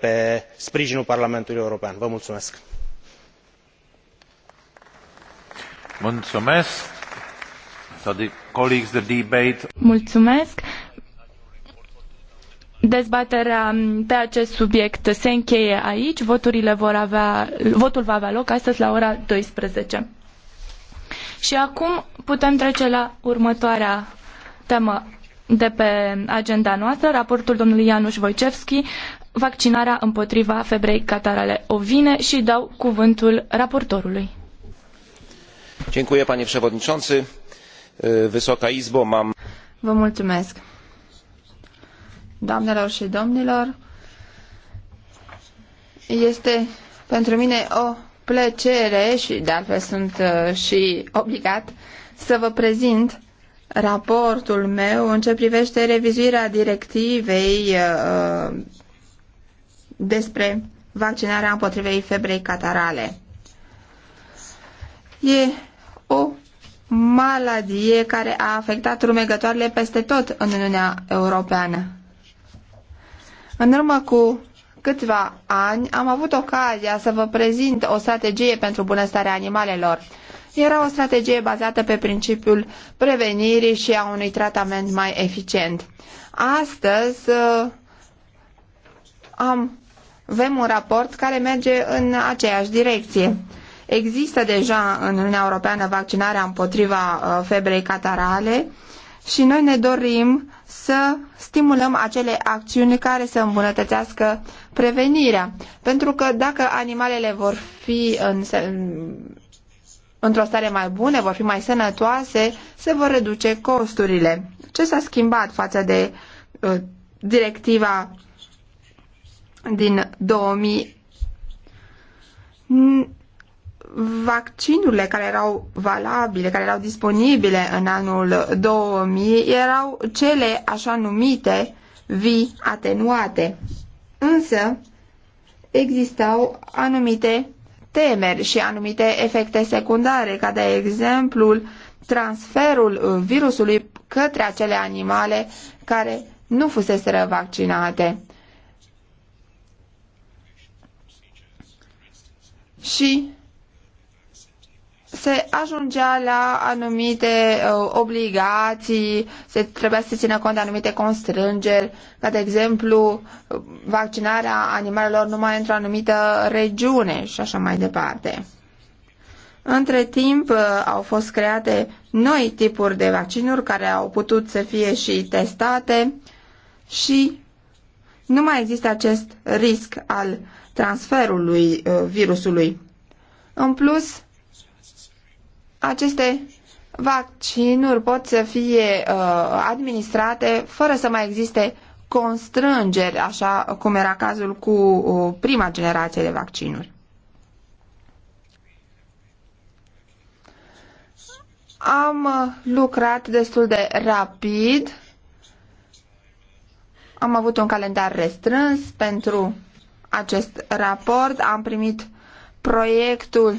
pe sprijinul parlamentului european. vă mulțumesc. mulțumesc. dezbaterea pe acest subiect se încheie aici. Voturile vor avea, votul va avea loc astăzi la ora. doisprezece și acum putem trece la următoarea temă de pe agenda noastră, raportul domnului Ianuș Wojciechowski vaccinarea împotriva febrei catarale ovine și dau cuvântul raportorului. Dziękuję panie przewodniczący. Wysoka Izbo, mam Vă mulțumesc. Doamnelor și domnilor, este pentru mine o plăcere și de altfel sunt și obligat să vă prezint raportul meu în ce privește revizuirea directivei despre vaccinarea împotriva febrei catarale. E o maladie care a afectat rumegătoarele peste tot în Uniunea Europeană. În urmă cu câțiva ani am avut ocazia să vă prezint o strategie pentru bunăstarea animalelor. Era o strategie bazată pe principiul prevenirii și a unui tratament mai eficient. Astăzi uh, am avem un raport care merge în aceeași direcție. Există deja în Uniunea Europeană vaccinarea împotriva uh, febrei catarale și noi ne dorim să stimulăm acele acțiuni care să îmbunătățească prevenirea. Pentru că dacă animalele vor fi în, într-o stare mai bună, vor fi mai sănătoase, se vor reduce costurile. Ce s-a schimbat față de uh, directiva din 2000 vaccinurile care erau valabile, care erau disponibile în anul 2000 erau cele așa numite vi atenuate. Însă existau anumite temeri și anumite efecte secundare, ca de exemplu transferul virusului către acele animale care nu fusese vaccinate. și se ajungea la anumite uh, obligații, se trebuia să se țină cont de anumite constrângeri, ca de exemplu vaccinarea animalelor numai într-o anumită regiune și așa mai departe. Între timp uh, au fost create noi tipuri de vaccinuri care au putut să fie și testate și nu mai există acest risc al transferului uh, virusului. În plus, aceste vaccinuri pot să fie uh, administrate fără să mai existe constrângeri, așa cum era cazul cu uh, prima generație de vaccinuri. Am lucrat destul de rapid. Am avut un calendar restrâns pentru acest raport, am primit proiectul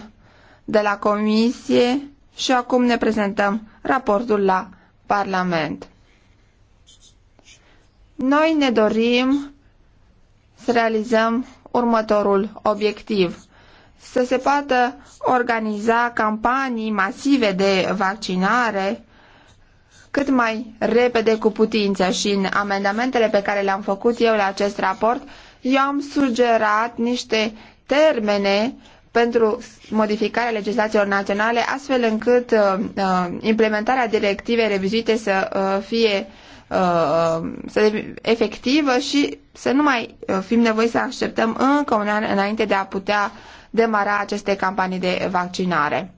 de la comisie și acum ne prezentăm raportul la Parlament. Noi ne dorim să realizăm următorul obiectiv. Să se poată organiza campanii masive de vaccinare cât mai repede cu putință și în amendamentele pe care le-am făcut eu la acest raport eu am sugerat niște termene pentru modificarea legislațiilor naționale, astfel încât uh, uh implementarea directivei revizuite să uh, fie uh, să efectivă și să nu mai uh, fim nevoiți să așteptăm încă un an înainte de a putea demara aceste campanii de vaccinare.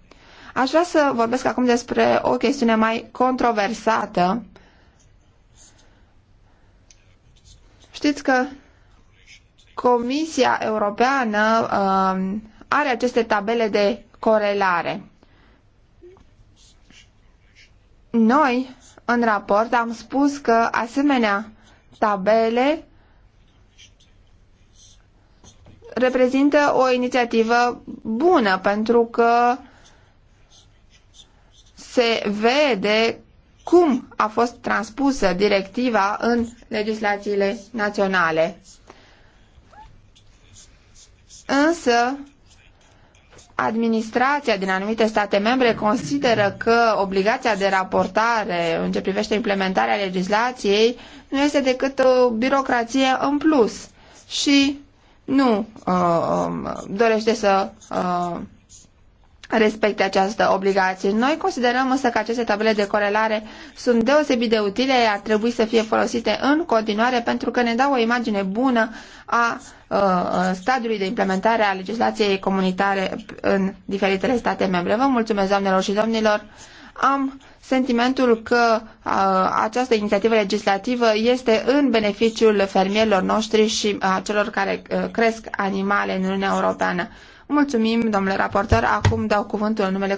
Aș vrea să vorbesc acum despre o chestiune mai controversată. Știți că Comisia Europeană um, are aceste tabele de corelare. Noi, în raport, am spus că asemenea tabele reprezintă o inițiativă bună pentru că se vede cum a fost transpusă directiva în legislațiile naționale însă administrația din anumite state membre consideră că obligația de raportare în ce privește implementarea legislației nu este decât o uh, birocrație în plus și nu uh, um, dorește să uh, respecte această obligație. Noi considerăm însă că aceste tabele de corelare sunt deosebit de utile, ar trebui să fie folosite în continuare pentru că ne dau o imagine bună a Uh, uh, stadiului de implementare a legislației comunitare în diferitele state membre. Vă mulțumesc, doamnelor și domnilor. Am sentimentul că uh, această inițiativă legislativă este în beneficiul fermierilor noștri și a celor care cresc animale în Uniunea Europeană. Mulțumim, domnule raportor. Acum dau cuvântul în numele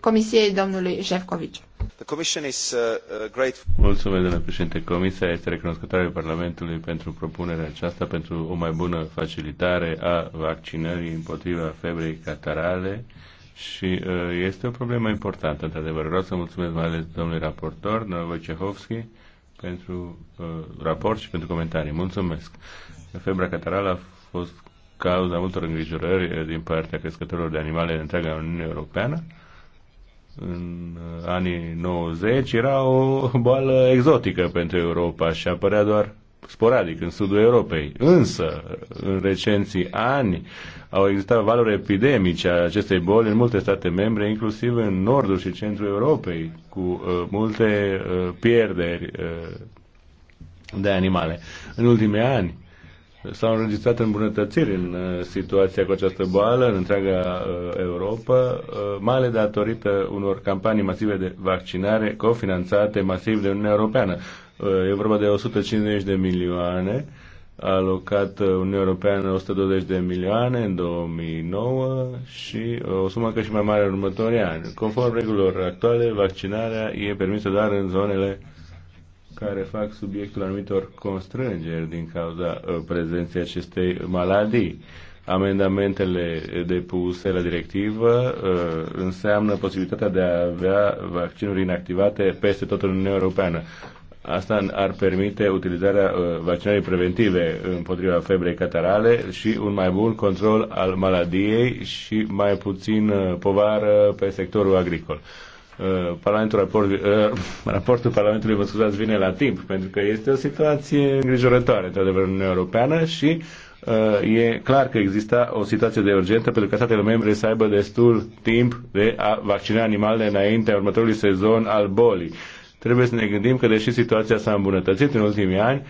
Comisiei domnului Șefcovici. Uh, uh, mulțumesc, domnule președinte. Comisia este recunoscătoare Parlamentului pentru propunerea aceasta pentru o mai bună facilitare a vaccinării împotriva febrei catarale și uh, este o problemă importantă, într-adevăr. Vreau să mulțumesc mai ales domnului raportor, domnul Wojciechowski, pentru uh, raport și pentru comentarii. Mulțumesc. Febra catarală a fost cauza multor îngrijorări eh, din partea crescătorilor de animale în întreaga Uniune Europeană. În eh, anii 90 era o boală exotică pentru Europa și apărea doar sporadic în sudul Europei. Însă, în recenții ani, au existat valori epidemice a acestei boli în multe state membre, inclusiv în nordul și centrul Europei, cu uh, multe uh, pierderi uh, de animale. În ultimii ani, S-au înregistrat îmbunătățiri în uh, situația cu această boală în întreaga uh, Europa, uh, mai ales datorită unor campanii masive de vaccinare cofinanțate masiv de Uniunea Europeană. E vorba de 150 de milioane, alocat Uniunea Europeană 120 de milioane în 2009 și o sumă că și mai mare în următorii ani. Conform regulilor actuale, vaccinarea e permisă doar în zonele care fac subiectul anumitor constrângeri din cauza uh, prezenței acestei maladii. Amendamentele depuse la directivă uh, înseamnă posibilitatea de a avea vaccinuri inactivate peste tot în Uniunea Europeană. Asta ar permite utilizarea uh, vaccinării preventive împotriva febrei catarale și un mai bun control al maladiei și mai puțin povară pe sectorul agricol. Uh, Parlamentul raport, uh, raportul Parlamentului, vă scuzați, vine la timp, pentru că este o situație îngrijorătoare, într-adevăr, în Uniunea Europeană și uh, e clar că există o situație de urgență pentru că statele membre să aibă destul timp de a vaccina animalele înaintea următorului sezon al bolii. Trebuie să ne gândim că, deși situația s-a îmbunătățit în ultimii ani,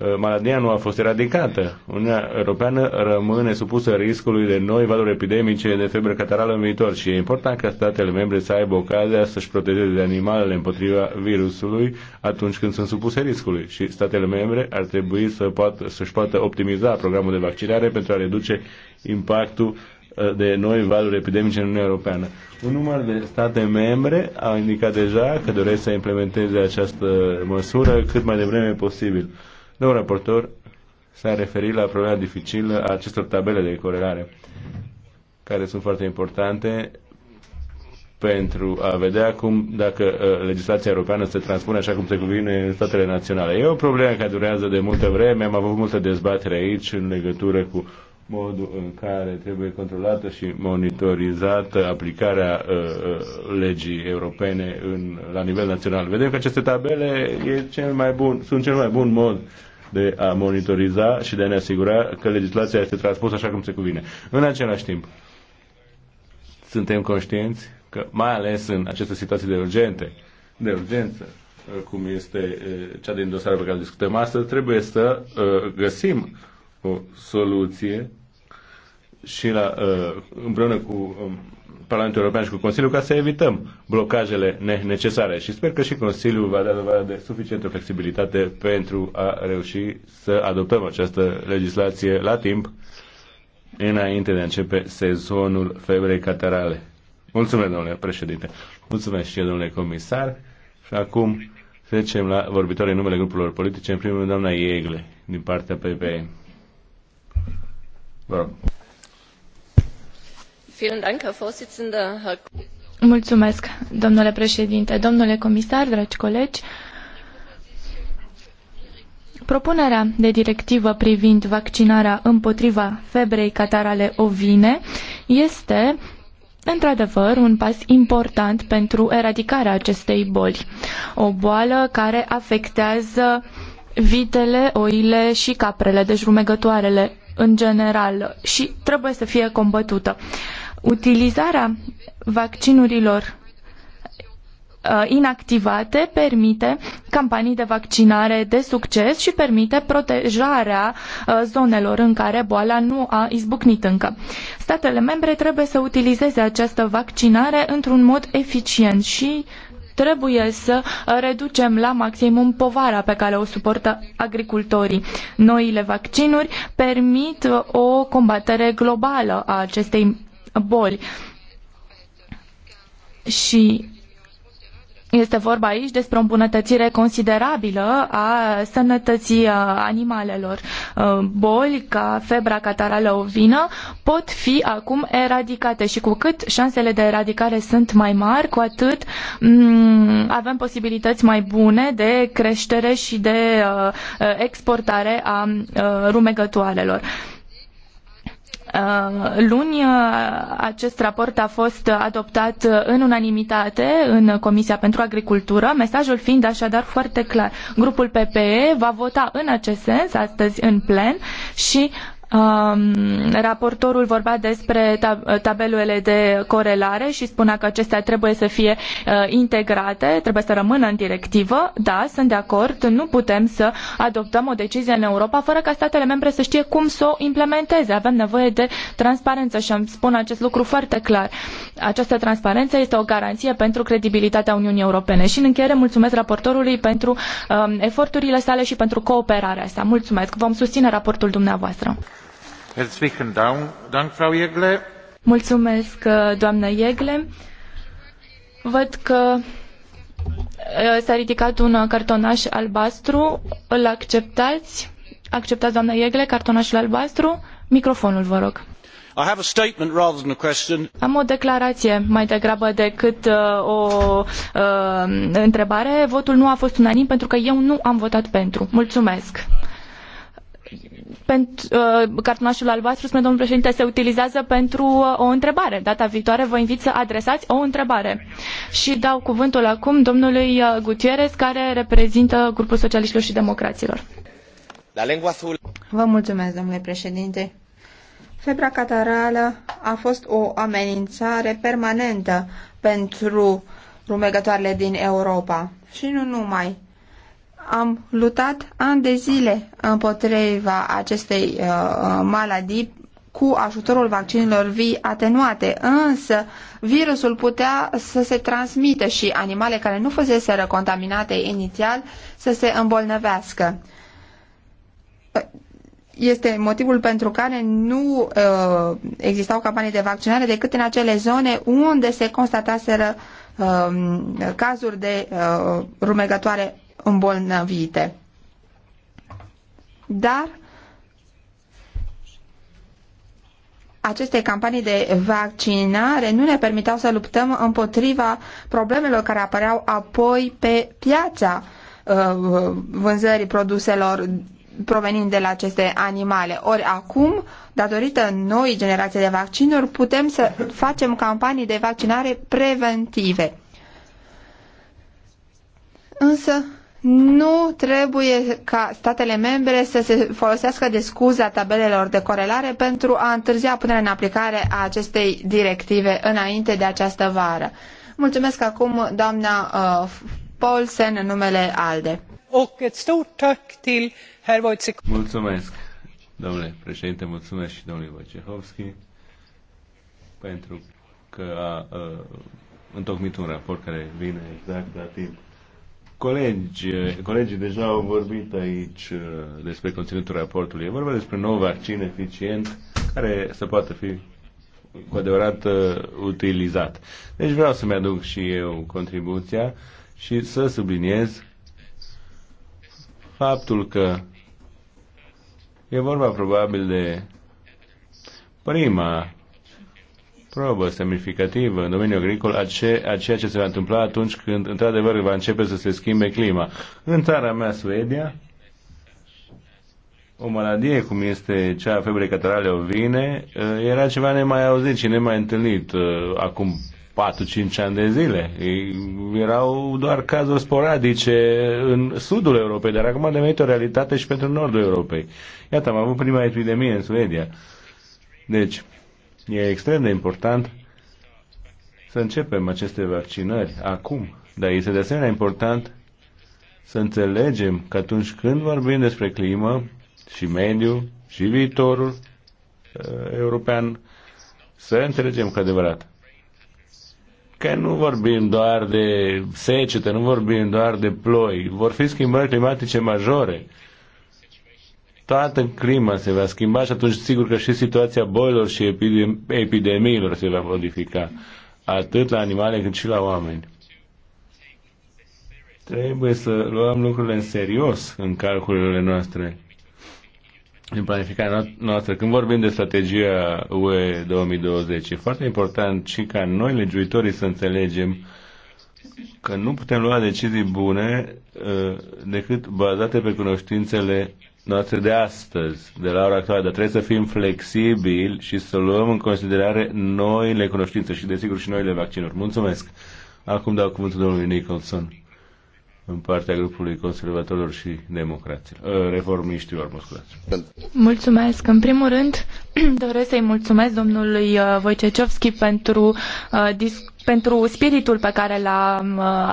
Uh, maladia nu a fost eradicată. Uniunea Europeană rămâne supusă riscului de noi valori epidemice de febră catarală în viitor și e important ca statele membre să aibă ocazia să-și protejeze animalele împotriva virusului atunci când sunt supuse riscului și statele membre ar trebui să poată, să-și poată optimiza programul de vaccinare pentru a reduce impactul uh, de noi valuri epidemice în Uniunea Europeană. Un număr de state membre au indicat deja că doresc să implementeze această măsură cât mai devreme posibil. Domnul raportor s-a referit la problema dificilă a acestor tabele de corelare, care sunt foarte importante pentru a vedea cum, dacă uh, legislația europeană se transpune așa cum se cuvine în statele naționale. E o problemă care durează de multă vreme, am avut multă dezbatere aici în legătură cu modul în care trebuie controlată și monitorizată aplicarea uh, uh, legii europene în, la nivel național. Vedem că aceste tabele e cel mai bun, sunt cel mai bun mod de a monitoriza și de a ne asigura că legislația este transpusă așa cum se cuvine. În același timp, suntem conștienți că, mai ales în aceste situații de urgente, de urgență, uh, cum este uh, cea din dosarul pe care discutăm astăzi, trebuie să găsim o soluție și la, uh, împreună cu um, Parlamentul European și cu Consiliul ca să evităm blocajele necesare și sper că și Consiliul va da dovadă de suficientă flexibilitate pentru a reuși să adoptăm această legislație la timp înainte de a începe sezonul febrei catarale. Mulțumesc, domnule președinte. Mulțumesc și eu, domnule comisar. Și acum trecem la vorbitorii numele grupurilor politice. În primul rând, doamna Iegle, din partea PPE. Mulțumesc, domnule președinte, domnule comisar, dragi colegi. Propunerea de directivă privind vaccinarea împotriva febrei catarale ovine este într-adevăr un pas important pentru eradicarea acestei boli, o boală care afectează vitele, oile și caprele, deci rumegătoarele în general și trebuie să fie combătută. Utilizarea vaccinurilor uh, inactivate permite campanii de vaccinare de succes și permite protejarea uh, zonelor în care boala nu a izbucnit încă. Statele membre trebuie să utilizeze această vaccinare într-un mod eficient și Trebuie să uh, reducem la maximum povara pe care o suportă agricultorii. Noile vaccinuri permit uh, o combatere globală a acestei boli. Și este vorba aici despre o îmbunătățire considerabilă a sănătății animalelor. Uh, boli ca febra catarală ovină pot fi acum eradicate și cu cât șansele de eradicare sunt mai mari, cu atât mm, avem posibilități mai bune de creștere și de uh, uh, exportare a rumegătoarelor. Uh, luni uh, acest raport a fost adoptat în unanimitate în Comisia pentru Agricultură, mesajul fiind așadar foarte clar. Grupul PPE va vota în acest sens astăzi în plen și Um, raportorul vorbea despre tab de corelare și spunea că acestea trebuie să fie uh, integrate, trebuie să rămână în directivă. Da, sunt de acord, nu putem să adoptăm o decizie în Europa fără ca statele membre să știe cum să o implementeze. Avem nevoie de transparență și îmi spun acest lucru foarte clar. Această transparență este o garanție pentru credibilitatea Uniunii Europene și în încheiere mulțumesc raportorului pentru um, eforturile sale și pentru cooperarea sa. Mulțumesc, vom susține raportul dumneavoastră. Jegle. Uh, Văd că uh, s-a ridicat un uh, cartonaș albastru. Îl acceptați? Acceptați, doamnă Jegle, cartonașul albastru? Microfonul, vă rog. I have a statement rather than a question. Am o declarație mai degrabă decât uh, o uh, întrebare. Votul nu a fost unanim pentru că eu nu am votat pentru. Mulțumesc pentru, uh, cartonașul albastru, spune domnul președinte, se utilizează pentru uh, o întrebare. Data viitoare vă invit să adresați o întrebare. Și dau cuvântul acum domnului uh, Gutierrez, care reprezintă grupul socialiștilor și democraților. La lengua azul. Vă mulțumesc, domnule președinte. Febra catarală a fost o amenințare permanentă pentru rumegătoarele din Europa. Și nu numai am luptat ani de zile împotriva acestei uh, maladii cu ajutorul vaccinilor vii atenuate, însă virusul putea să se transmită și animale care nu fuseseră contaminate inițial să se îmbolnăvească. Este motivul pentru care nu uh, existau campanii de vaccinare decât în acele zone unde se constataseră uh, cazuri de uh, rumegătoare îmbolnăvite. Dar aceste campanii de vaccinare nu ne permiteau să luptăm împotriva problemelor care apăreau apoi pe piața uh, vânzării produselor provenind de la aceste animale. Ori acum, datorită noi generații de vaccinuri, putem să facem campanii de vaccinare preventive. Însă, nu trebuie ca statele membre să se folosească de scuza tabelelor de corelare pentru a întârzia punerea în aplicare a acestei directive înainte de această vară. Mulțumesc acum doamna uh, Paulsen în numele ALDE. Mulțumesc, domnule președinte, mulțumesc și domnului Wojciechowski pentru că a uh, întocmit un raport care vine exact la timp. Colegi, eh, colegii deja au vorbit aici eh, despre conținutul raportului. E vorba despre un nou vaccin eficient care să poată fi cu adevărat eh, utilizat. Deci vreau să-mi aduc și eu contribuția și să subliniez faptul că e vorba probabil de prima probă semnificativă în domeniul agricol a, ce, a ceea ce se va întâmpla atunci când, într-adevăr, va începe să se schimbe clima. În țara mea, Suedia, o maladie cum este cea a febrei catarale ovine eh, era ceva nemai auzit și nemai întâlnit eh, acum 4-5 ani de zile. Erau doar cazuri sporadice în sudul Europei, dar acum a devenit o realitate și pentru nordul Europei. Iată, am avut prima epidemie în Suedia. Deci, E extrem de important să începem aceste vaccinări acum, dar este de asemenea important să înțelegem că atunci când vorbim despre climă și mediu și viitorul uh, european, să înțelegem cu adevărat că nu vorbim doar de secetă, nu vorbim doar de ploi, vor fi schimbări climatice majore toată clima se va schimba și atunci sigur că și situația bolilor și epidemiilor se va modifica, atât la animale cât și la oameni. Trebuie să luăm lucrurile în serios în calculele noastre, în planificarea noastră. Când vorbim de strategia UE 2020, e foarte important și ca noi, legiuitorii, să înțelegem că nu putem lua decizii bune uh, decât bazate pe cunoștințele noastre de astăzi, de la ora actuală, dar trebuie să fim flexibili și să luăm în considerare noile cunoștințe și, desigur, și noile vaccinuri. Mulțumesc! Acum dau cuvântul domnului Nicholson în partea grupului conservatorilor și democraților, ă, reformiștilor, mă scuzați. Mulțumesc. În primul rând, doresc să-i mulțumesc domnului ă, Wojciechowski pentru ă, pentru spiritul pe care l-a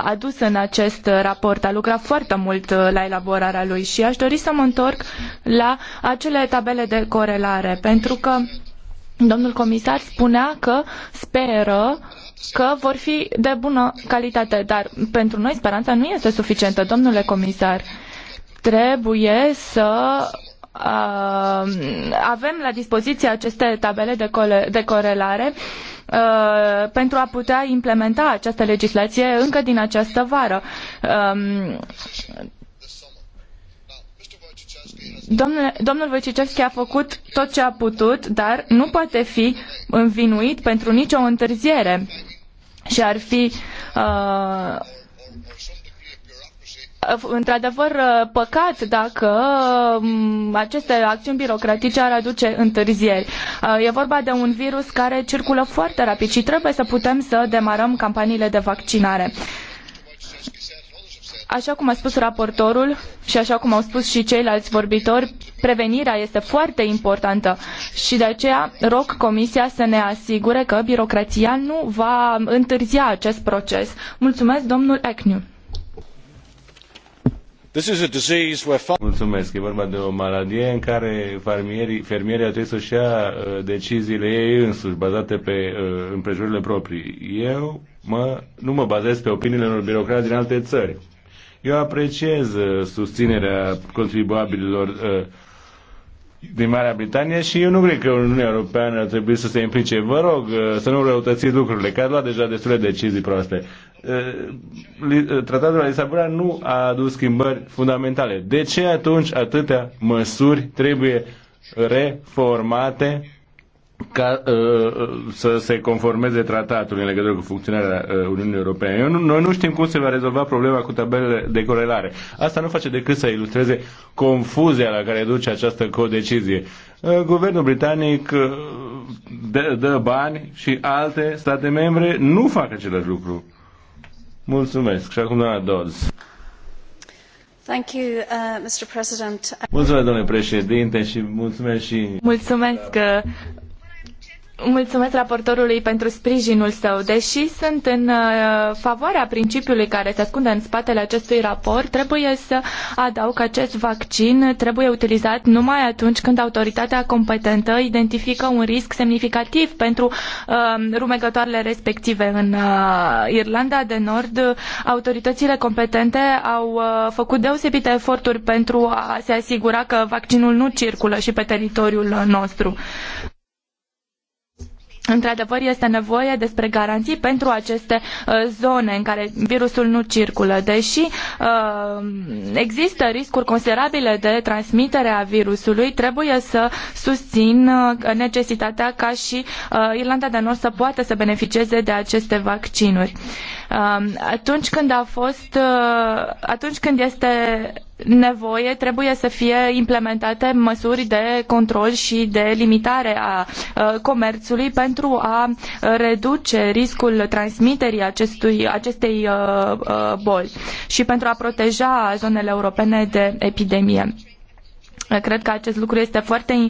adus în acest raport. A lucrat foarte mult la elaborarea lui și aș dori să mă întorc la acele tabele de corelare, pentru că domnul comisar spunea că speră uh, că vor fi de bună calitate, dar pentru noi speranța nu este suficientă, domnule comisar. Trebuie să uh, avem la dispoziție aceste tabele de, cole, de corelare uh, pentru a putea implementa această legislație încă din această vară. Uh, Domnule, domnul Wojciechowski a făcut tot ce a putut, dar nu poate fi învinuit pentru nicio întârziere și ar fi uh, uh într-adevăr uh, păcat dacă um, aceste acțiuni birocratice ar aduce întârzieri. Uh, e vorba de un virus care circulă foarte rapid și trebuie să putem să demarăm campaniile de vaccinare. Așa cum a spus raportorul și așa cum au spus și ceilalți vorbitori, prevenirea este foarte importantă și de aceea rog Comisia să ne asigure că birocrația nu va întârzia acest proces. Mulțumesc, domnul Ecniu. Mulțumesc. E vorba de o maladie în care fermierii, fermierii trebuie să-și ia uh, deciziile ei însuși, bazate pe uh, împrejurile proprii. Eu mă, nu mă bazez pe opiniile unor birocrați din alte țări. Eu apreciez uh, susținerea contribuabililor uh, din Marea Britanie și eu nu cred că Uniunea Europeană ar trebui să se implice. Vă rog uh, să nu răutățiți lucrurile, că a luat deja destule decizii proaste. Tratatul de la Lisabona nu a adus schimbări fundamentale. De ce atunci atâtea măsuri trebuie reformate ca uh, uh, să se conformeze tratatul în legătură cu funcționarea uh, Uniunii Europene. Eu nu, noi nu știm cum se va rezolva problema cu tabelele de corelare. Asta nu face decât să ilustreze confuzia la care duce această codecizie. Uh, guvernul britanic uh, dă, dă bani și alte state membre nu fac același lucru. Mulțumesc. Și acum doamna Dodds. Thank you, uh, Mr. President. Mulțumesc, domnule președinte, și mulțumesc și... Mulțumesc, uh Mulțumesc raportorului pentru sprijinul său. Deși sunt în uh, favoarea principiului care se ascunde în spatele acestui raport, trebuie să adaug că acest vaccin trebuie utilizat numai atunci când autoritatea competentă identifică un risc semnificativ pentru uh, rumegătoarele respective. În uh, Irlanda de Nord, autoritățile competente au uh, făcut deosebite eforturi pentru a se asigura că vaccinul nu circulă și pe teritoriul nostru. Într-adevăr, este nevoie despre garanții pentru aceste uh, zone în care virusul nu circulă. Deși uh, există riscuri considerabile de transmitere a virusului, trebuie să susțin uh, necesitatea ca și Irlanda de Nord să poată să beneficieze de aceste vaccinuri. Uh, Um, atunci când a fost, uh, atunci când este nevoie, trebuie să fie implementate măsuri de control și de limitare a uh, comerțului pentru a uh, reduce riscul transmiterii acestui, acestei boli și pentru a proteja zonele europene de epidemie. Cred că acest lucru este foarte uh,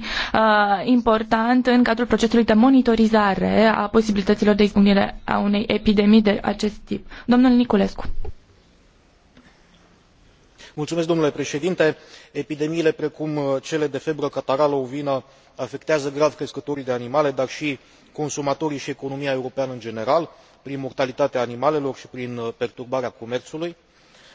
important în cadrul procesului de monitorizare a posibilităților de izbucnire a unei epidemii de acest tip. Domnul Niculescu. Mulțumesc, domnule președinte. Epidemiile precum uh, cele de febră catarală ovină afectează grav crescătorii de animale, dar și consumatorii și economia europeană în general, prin mortalitatea animalelor și prin uh, perturbarea comerțului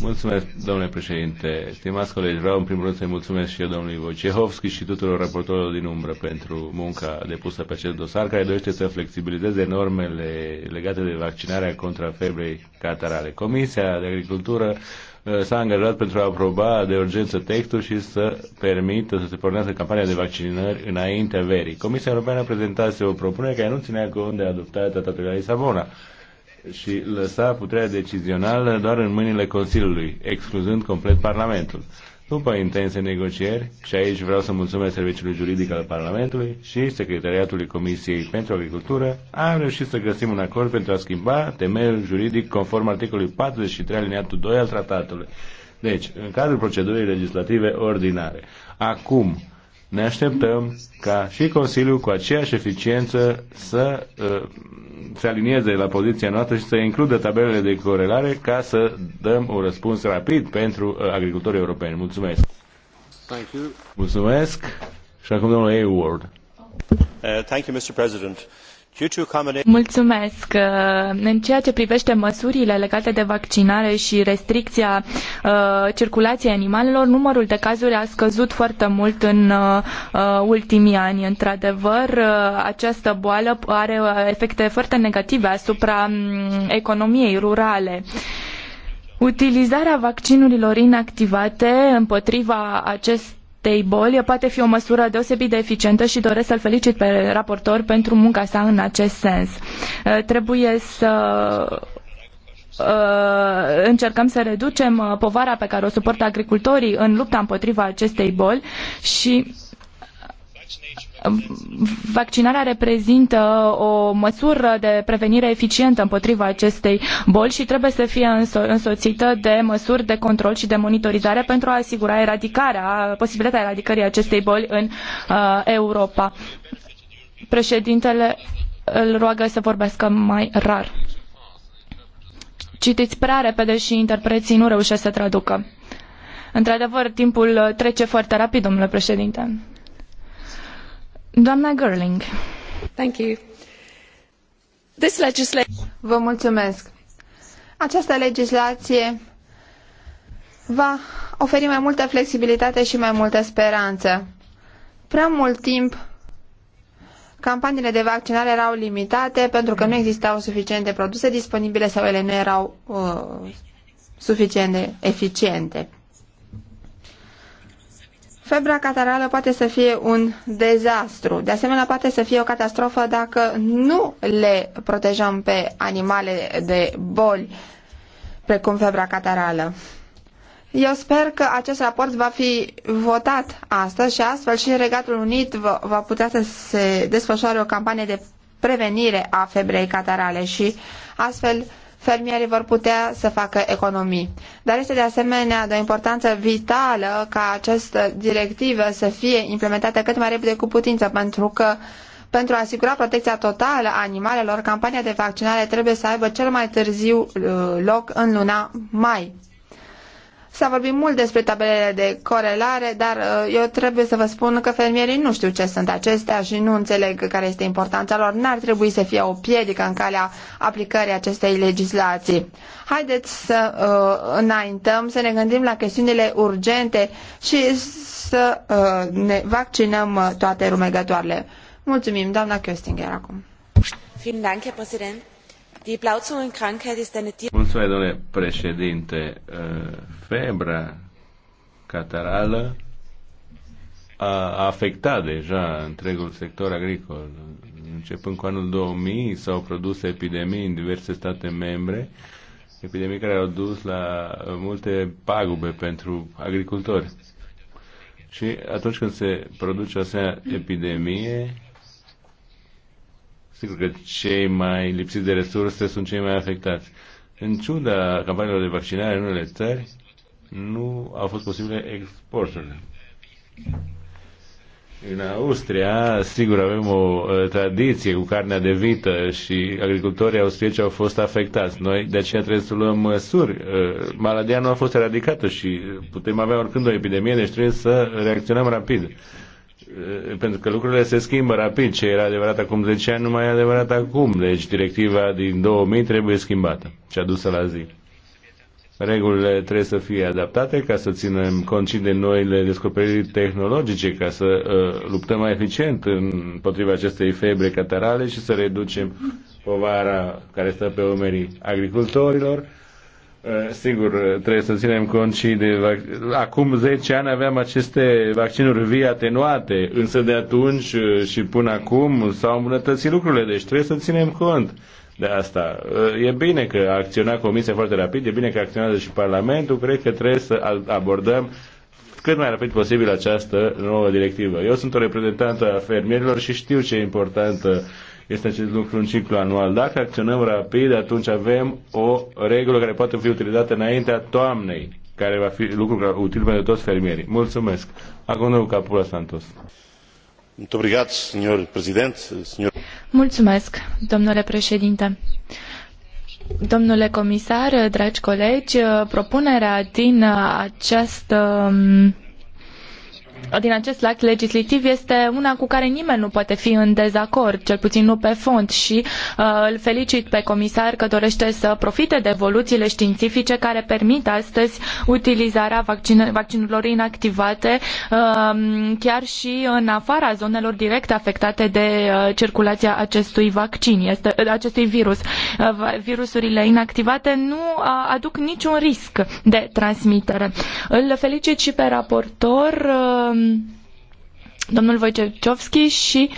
Mulțumesc, domnule președinte. Stimați colegi, vreau în primul rând să-i mulțumesc și eu domnului Wojciechowski și tuturor raportorilor din umbră pentru munca depusă pe acest dosar, care dorește să flexibilizeze normele legate de vaccinarea contra febrei catarale. Comisia de Agricultură eh, s-a angajat pentru a aproba de urgență textul și să permită să se pornească campania de vaccinări înaintea verii. Comisia Europeană prezentase o propunere care nu ținea cont de adoptarea Tratatului la Lisabona și lăsa puterea decizională doar în mâinile Consiliului, excluzând complet Parlamentul. După intense negocieri, și aici vreau să mulțumesc Serviciului Juridic al Parlamentului și Secretariatului Comisiei pentru Agricultură, am reușit să găsim un acord pentru a schimba temeiul juridic conform articolului 43 alineatul 2 al tratatului. Deci, în cadrul procedurii legislative ordinare, acum ne așteptăm ca și Consiliul cu aceeași eficiență să uh, se alinieze la poziția noastră și să includă tabelele de corelare ca să dăm un răspuns rapid pentru uh, agricultorii europeni. Mulțumesc! Thank you. Mulțumesc! Și acum domnul A. Ward. Uh, thank you, Mr. President. Mulțumesc. Uh, în ceea ce privește măsurile legate de vaccinare și restricția uh, circulației animalelor, numărul de cazuri a scăzut foarte mult în uh, uh ultimii ani. Într-adevăr, uh, această boală are uh, efecte foarte negative asupra um, economiei rurale. Utilizarea vaccinurilor inactivate împotriva acestui acestei boli poate fi o măsură deosebit de eficientă și doresc să-l felicit pe raportor pentru munca sa în acest sens. Uh, trebuie să uh, încercăm să reducem uh, povara pe care o suportă agricultorii în lupta împotriva acestei boli și Vaccinarea reprezintă o măsură de prevenire eficientă împotriva acestei boli și trebuie să fie înso- însoțită de măsuri de control și de monitorizare pentru a asigura eradicarea, posibilitatea eradicării acestei boli în uh, Europa. Președintele îl roagă să vorbească mai rar. Citiți prea repede și interpreții nu reușesc să traducă. Într-adevăr, timpul trece foarte rapid, domnule președinte. Doamna Gerling. Thank you. This Vă mulțumesc. Această legislație va oferi mai multă flexibilitate și mai multă speranță. Prea mult timp campaniile de vaccinare erau limitate pentru că nu existau suficiente produse disponibile sau ele nu erau uh, suficient de eficiente. Febra catarală poate să fie un dezastru. De asemenea, poate să fie o catastrofă dacă nu le protejăm pe animale de boli, precum febra catarală. Eu sper că acest raport va fi votat astăzi și astfel și Regatul Unit va, va putea să se desfășoare o campanie de prevenire a febrei catarale și astfel fermierii vor putea să facă economii. Dar este de asemenea de o importanță vitală ca această directivă să fie implementată cât mai repede cu putință, pentru că pentru a asigura protecția totală a animalelor, campania de vaccinare trebuie să aibă cel mai târziu uh, loc în luna mai. S-a vorbit mult despre tabelele de corelare, dar uh, eu trebuie să vă spun că fermierii nu știu ce sunt acestea și nu înțeleg care este importanța lor. N-ar trebui să fie o piedică în calea aplicării acestei legislații. Haideți să uh, înaintăm, să ne gândim la chestiunile urgente și să uh, ne vaccinăm uh, toate rumegătoarele. Mulțumim, doamna Köstinger, acum. Vielen Dank, Herr Präsident. Mulțumesc, domnule președinte. Uh, febra catarală a afectat deja întregul sector agricol. Începând cu anul 2000 s-au produs epidemii în diverse state membre, epidemii care au dus la multe pagube pentru agricultori. Și atunci când se produce o asemenea epidemie, Sigur că cei mai lipsiți de resurse sunt cei mai afectați. În ciuda campaniilor de vaccinare în unele țări, nu au fost posibile exporturile. În Austria, sigur, avem o uh, tradiție cu carnea de vită și agricultorii austrieci au fost afectați. Noi de aceea trebuie să luăm măsuri. Uh, Maladia nu a fost eradicată și putem avea oricând o epidemie, deci trebuie să reacționăm rapid pentru că lucrurile se schimbă rapid, ce era adevărat acum 10 ani nu mai e adevărat acum, deci directiva din 2000 trebuie schimbată și adusă la zi. Regulile trebuie să fie adaptate ca să ținem cont și de noile descoperiri tehnologice, ca să uh, luptăm mai eficient împotriva acestei febre catarale și să reducem povara care stă pe umerii agricultorilor, Eh, sigur, eh, trebuie să ținem cont și de... Acum 10 ani aveam aceste vaccinuri vii atenuate, însă de atunci eh, și până acum s-au îmbunătățit lucrurile, deci trebuie să ținem cont de asta. E bine că a acționat Comisia foarte rapid, e bine că acționează și Parlamentul, cred că trebuie să abordăm cât mai rapid posibil această nouă directivă. Eu sunt o reprezentantă a fermierilor și știu ce e importantă este acest lucru un ciclu anual. Dacă acționăm rapid, atunci avem o regulă care poate fi utilizată înaintea toamnei, care va fi lucru util pentru toți fermierii. Mulțumesc. Acum domnul Capula Santos. Mulțumesc, domnule președinte. Domnule comisar, dragi colegi, propunerea din această din acest act legislativ este una cu care nimeni nu poate fi în dezacord, cel puțin nu pe fond și uh, îl felicit pe comisar că dorește să profite de evoluțiile științifice care permit astăzi utilizarea vaccin vaccinurilor inactivate uh, chiar și în afara zonelor direct afectate de uh, circulația acestui vaccin, este, acestui virus. Uh, virusurile inactivate nu uh, aduc niciun risc de transmitere. Îl felicit și pe raportor uh, Um, domnul Wojciechowski și uh,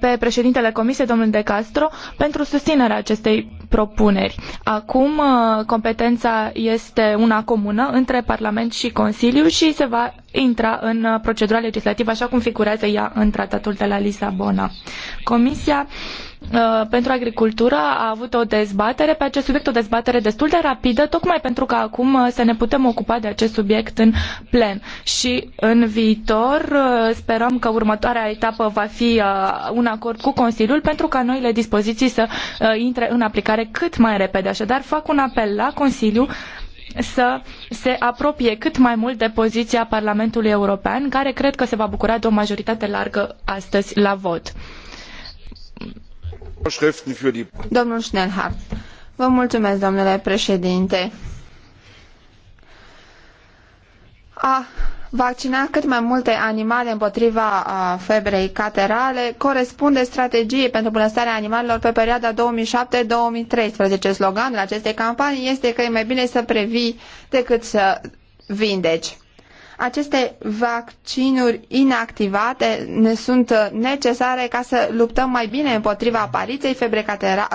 pe președintele Comisiei, domnul De Castro, pentru susținerea acestei propuneri. Acum uh, competența este una comună între Parlament și Consiliu și se va intra în uh, procedura legislativă așa cum figurează ea în tratatul de la Lisabona. Comisia uh, pentru agricultură a avut o dezbatere pe acest subiect, o dezbatere destul de rapidă, tocmai pentru că acum să ne putem ocupa de acest subiect în plen. Și în viitor sperăm că următoarea etapă va fi un acord cu Consiliul pentru ca noile dispoziții să intre în aplicare aplicare cât mai repede. Așadar, fac un apel la Consiliu să se apropie cât mai mult de poziția Parlamentului European, care cred că se va bucura de o majoritate largă astăzi la vot. Domnul Schnellhardt, vă mulțumesc, domnule președinte. A Vaccina cât mai multe animale împotriva febrei caterale corespunde strategiei pentru bunăstarea animalelor pe perioada 2007-2013. Sloganul acestei campanii este că e mai bine să previi decât să vindeci. Aceste vaccinuri inactivate ne sunt necesare ca să luptăm mai bine împotriva apariției febrei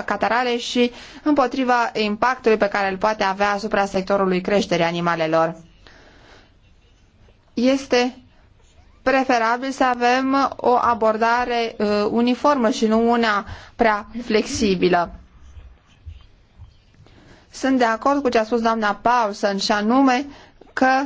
catarale și împotriva impactului pe care îl poate avea asupra sectorului creșterii animalelor este preferabil să avem o abordare uh, uniformă și nu una prea flexibilă. Sunt de acord cu ce a spus doamna Paulsen și anume că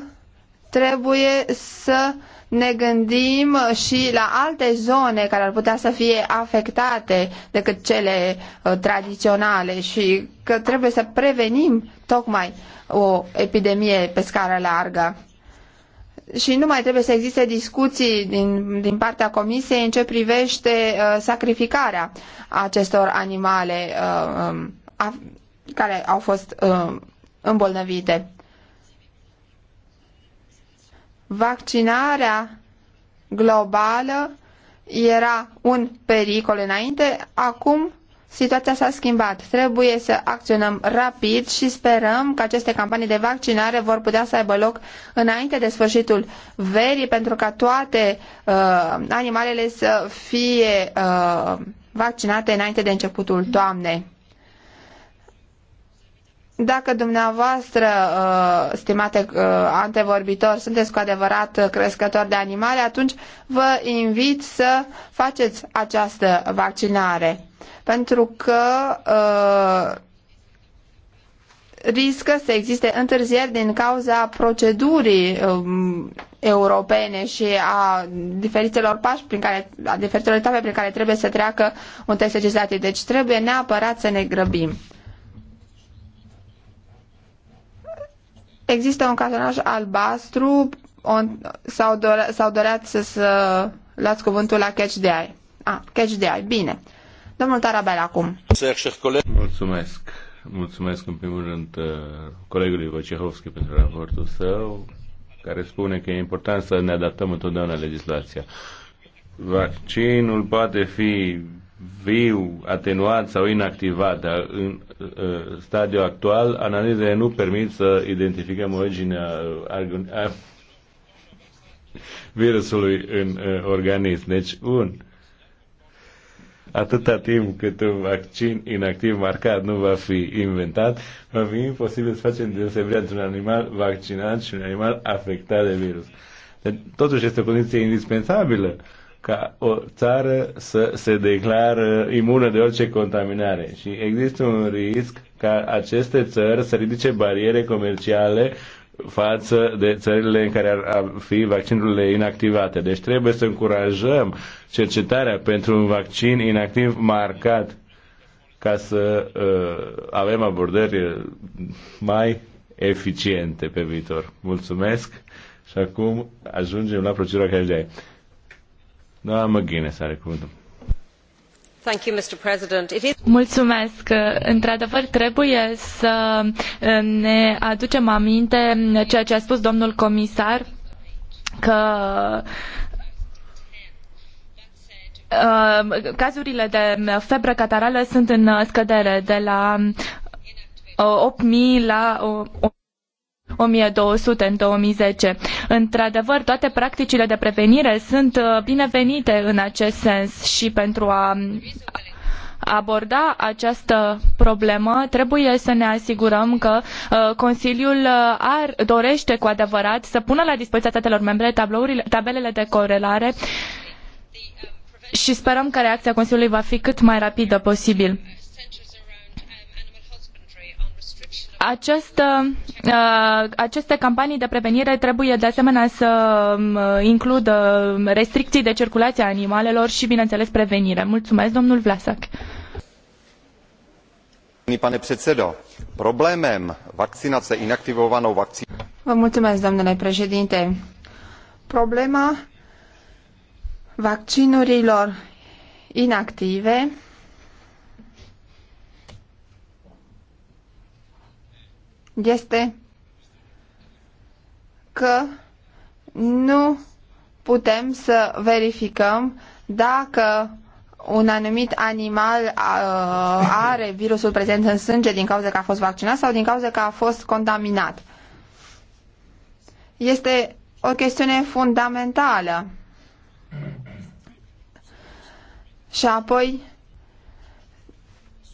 trebuie să ne gândim și la alte zone care ar putea să fie afectate decât cele uh, tradiționale și că trebuie să prevenim tocmai o epidemie pe scară largă și nu mai trebuie să existe discuții din, din partea Comisiei în ce privește uh, sacrificarea acestor animale uh, uh, care au fost uh, îmbolnăvite. Vaccinarea globală era un pericol înainte, acum situația s-a schimbat. Trebuie să acționăm rapid și sperăm că aceste campanii de vaccinare vor putea să aibă loc înainte de sfârșitul verii pentru ca toate uh, animalele să fie uh, vaccinate înainte de începutul toamnei. Dacă dumneavoastră, uh, stimate uh, antevorbitori, sunteți cu adevărat crescători de animale, atunci vă invit să faceți această vaccinare pentru că uh, riscă să existe întârzieri din cauza procedurii um, europene și a diferitelor pași prin care, a diferitelor etape prin care trebuie să treacă un text legislativ. Deci trebuie neapărat să ne grăbim. Există un cartonaș albastru sau doreați să, să luați cuvântul la catch de ai. Ah, catch de ai. Bine. Domnul Tarabel acum. Mulțumesc. Mulțumesc în primul rând uh, colegului Wojciechowski pentru raportul său, care spune că e important să ne adaptăm întotdeauna legislația. Vaccinul poate fi viu, atenuat sau inactivat, dar în uh, stadiul actual analizele nu permit să identificăm originea uh, virusului în uh, organism. Deci, un, atâta timp cât un vaccin inactiv marcat nu va fi inventat, va fi imposibil să facem deosebirea între un animal vaccinat și un animal afectat de virus. Deci, totuși este o condiție indispensabilă ca o țară să se declară imună de orice contaminare și există un risc ca aceste țări să ridice bariere comerciale față de țările în care ar fi vaccinurile inactivate. Deci trebuie să încurajăm cercetarea pentru un vaccin inactiv marcat ca să uh, avem abordări uh, mai eficiente pe viitor. Mulțumesc și acum ajungem la procedura care le-ai. Doamna McGuinness are cuvântul. Mulțumesc. Într-adevăr, trebuie să uh, ne aducem aminte ceea ce a spus domnul comisar că uh, cazurile de febră catarală sunt în scădere de la 8.000 uh, la 1200 în 2010. Într-adevăr, toate practicile de prevenire sunt uh, binevenite în acest sens și pentru a aborda această problemă, trebuie să ne asigurăm că uh, Consiliul uh, ar, dorește cu adevărat să pună la dispoziția statelor membre tabelele de corelare și sperăm că reacția Consiliului va fi cât mai rapidă posibil. Această, uh, aceste campanii de prevenire trebuie de asemenea să um, includă restricții de circulație a animalelor și, bineînțeles, prevenire. Mulțumesc, domnul Vlasac. Pane předsedo, problémem vakcinace inaktivovanou vakcínou... Vă mulțumesc, domnule președinte. Problema vaccinurilor inactive este că nu putem să verificăm dacă un anumit animal are virusul prezent în sânge din cauza că a fost vaccinat sau din cauza că a fost contaminat. Este o chestiune fundamentală. Și apoi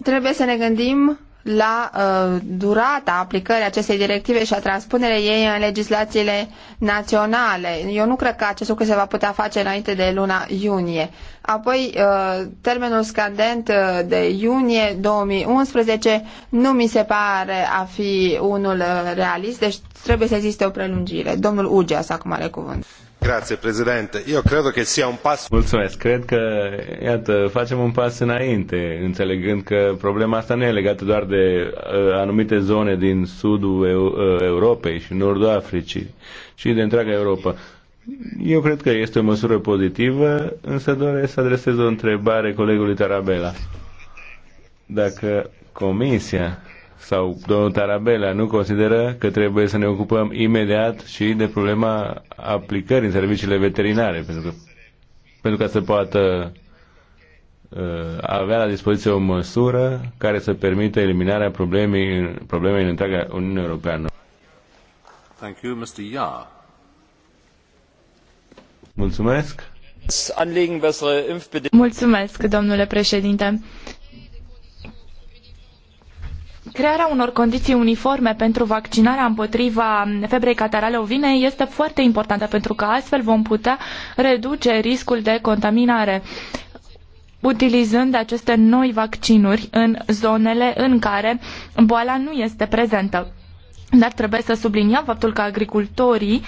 trebuie să ne gândim la uh, durata aplicării acestei directive și a transpunerei ei în legislațiile naționale. Eu nu cred că acest lucru se va putea face înainte de luna iunie. Apoi, uh, termenul scadent uh, de iunie 2011 nu mi se pare a fi unul realist, deci trebuie să existe o prelungire. Domnul Ugea, acum are cuvânt. Grazie, Presidente. cred că sia un Mulțumesc. Cred că, iată, facem un pas înainte, înțelegând că problema asta nu e legată doar de uh, anumite zone din sudul eu, uh, Europei și nordul Africii, ci de întreaga Europa. Eu cred că este o măsură pozitivă, însă doresc să adresez o întrebare colegului Tarabela. Dacă Comisia sau domnul Tarabella nu consideră că trebuie să ne ocupăm imediat și de problema aplicării în serviciile veterinare, pentru că pentru ca să poată uh, avea la dispoziție o măsură care să permită eliminarea problemei, problemei în întreaga Uniune Europeană. Thank you, Mr. Ya. Mulțumesc. Mulțumesc, domnule președinte Crearea unor condiții uniforme pentru vaccinarea împotriva febrei catarale ovine este foarte importantă pentru că astfel vom putea reduce riscul de contaminare utilizând aceste noi vaccinuri în zonele în care boala nu este prezentă. Dar trebuie să subliniem faptul că agricultorii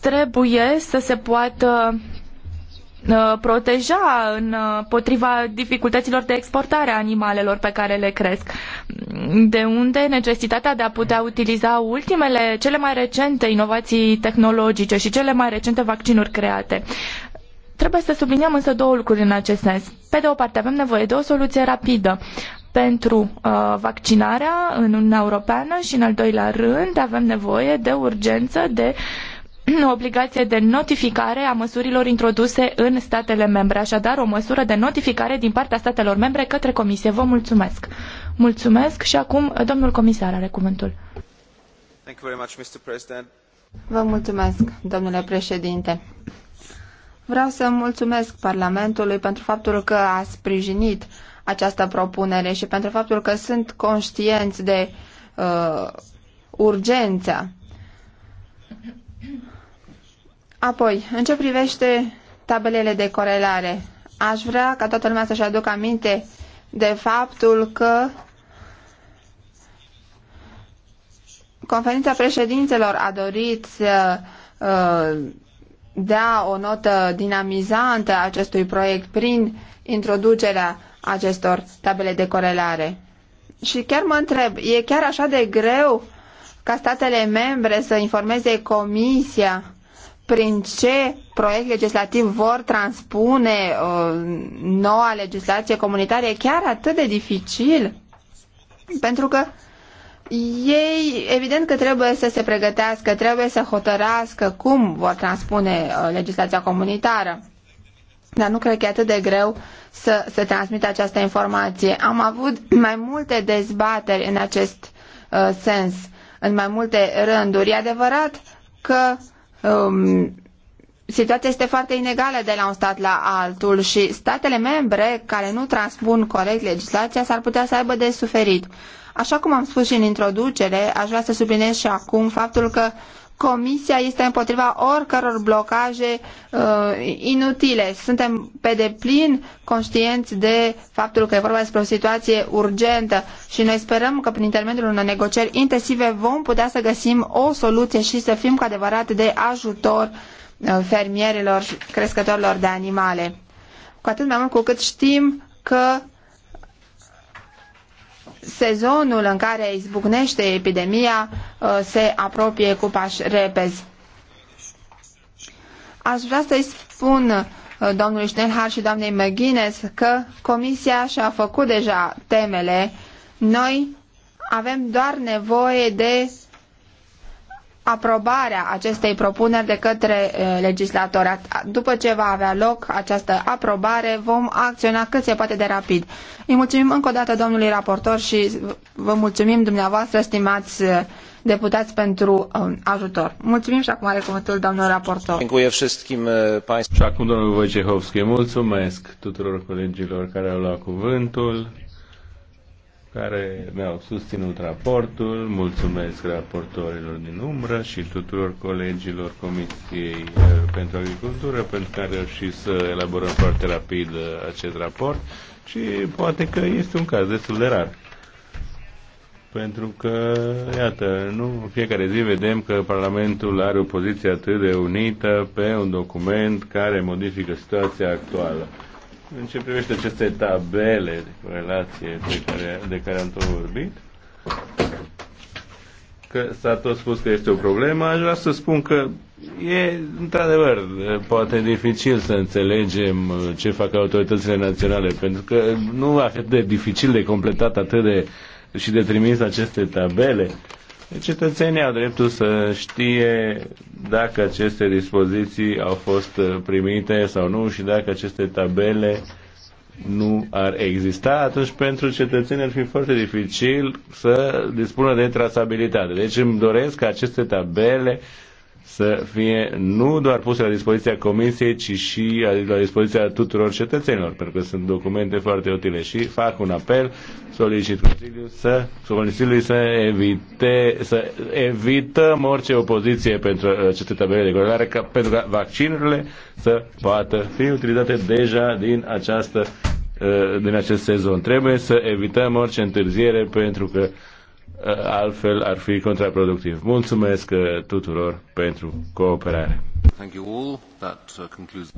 trebuie să se poată Uh, proteja împotriva uh, dificultăților de exportare a animalelor pe care le cresc. De unde necesitatea de a putea utiliza ultimele, cele mai recente inovații tehnologice și cele mai recente vaccinuri create. Trebuie să subliniem însă două lucruri în acest sens. Pe de o parte, avem nevoie de o soluție rapidă pentru uh, vaccinarea în Uniunea Europeană și, în al doilea rând, avem nevoie de urgență de uh, o obligație de notificare a măsurilor introduse în statele membre, așadar o măsură de notificare din partea statelor membre către Comisie. Vă mulțumesc! Mulțumesc și acum domnul comisar are cuvântul. Vă mulțumesc, domnule președinte. Vreau să mulțumesc Parlamentului pentru faptul că a sprijinit această propunere și pentru faptul că sunt conștienți de uh, urgența Apoi, în ce privește tabelele de corelare, aș vrea ca toată lumea să-și aducă aminte de faptul că conferința președințelor a dorit să uh, dea o notă dinamizantă acestui proiect prin introducerea acestor tabele de corelare. Și chiar mă întreb, e chiar așa de greu ca statele membre să informeze Comisia prin ce proiect legislativ vor transpune uh, noua legislație comunitară e chiar atât de dificil, pentru că ei, evident că trebuie să se pregătească, trebuie să hotărască cum vor transpune uh, legislația comunitară. Dar nu cred că e atât de greu să, să transmită această informație. Am avut mai multe dezbateri în acest uh, sens, în mai multe rânduri. E adevărat că uh, um, situația este foarte inegală de la un stat la altul și statele membre care nu transpun corect legislația s-ar putea să aibă de suferit. Așa cum am spus și în introducere, aș vrea să subliniez și acum faptul că Comisia este împotriva oricăror blocaje uh, inutile. Suntem pe deplin conștienți de faptul că e vorba despre o situație urgentă și noi sperăm că prin intermediul unor negocieri intensive vom putea să găsim o soluție și să fim cu adevărat de ajutor uh, fermierilor și crescătorilor de animale. Cu atât mai mult cu cât știm că sezonul în care izbucnește epidemia Uh, se apropie cu pași repezi. Aș vrea să-i spun uh, domnului Schnellhardt și doamnei McGuinness că Comisia și-a făcut deja temele. Noi avem doar nevoie de aprobarea acestei propuneri de către uh, legislatori. După ce va avea loc această aprobare, vom acționa cât se poate de rapid. Îi mulțumim încă o dată domnului raportor și vă mulțumim dumneavoastră, stimați deputați pentru um, ajutor. Mulțumim și acum are cuvântul domnul raportor. Și acum domnul Wojciechowski, mulțumesc tuturor colegilor care au luat cuvântul care mi-au susținut raportul. Mulțumesc raportorilor din umbră și tuturor colegilor Comisiei pentru Agricultură pentru care au reușit să elaborăm foarte rapid acest raport și poate că este un caz destul de rar pentru că, iată, nu în fiecare zi vedem că Parlamentul are o poziție atât de unită pe un document care modifică situația actuală. În ce privește aceste tabele de corelație de care, de care am tot vorbit, că s-a tot spus că este o problemă, aș vrea să spun că e, într-adevăr, poate dificil să înțelegem uh, ce fac autoritățile naționale, pentru că nu va fi de dificil de completat atât de și de trimis aceste tabele. Cetățenii au dreptul să știe dacă aceste dispoziții au fost uh, primite sau nu și dacă aceste tabele nu ar exista, atunci pentru cetățenii ar fi foarte dificil să dispună de trasabilitate. Deci îmi doresc ca aceste tabele să fie nu doar puse la dispoziția Comisiei, ci și la dispoziția tuturor cetățenilor, pentru că sunt documente foarte utile și fac un apel, solicit Consiliul să, Consiliului să, evite, să evităm orice opoziție pentru aceste uh, tabele de corelare, ca, pentru ca vaccinurile să poată fi utilizate deja din această uh, din acest sezon. Trebuie să evităm orice întârziere pentru că uh, altfel ar fi contraproductiv. Mulțumesc uh, tuturor pentru cooperare. Uh,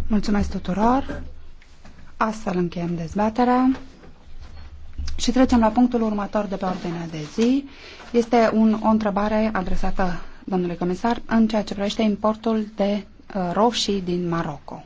Mulțumesc tuturor. Astfel încheiem dezbaterea. Și trecem la punctul următor de pe ordinea de zi. Este un, o întrebare adresată domnului comisar în ceea ce privește importul de uh, roșii din Maroc.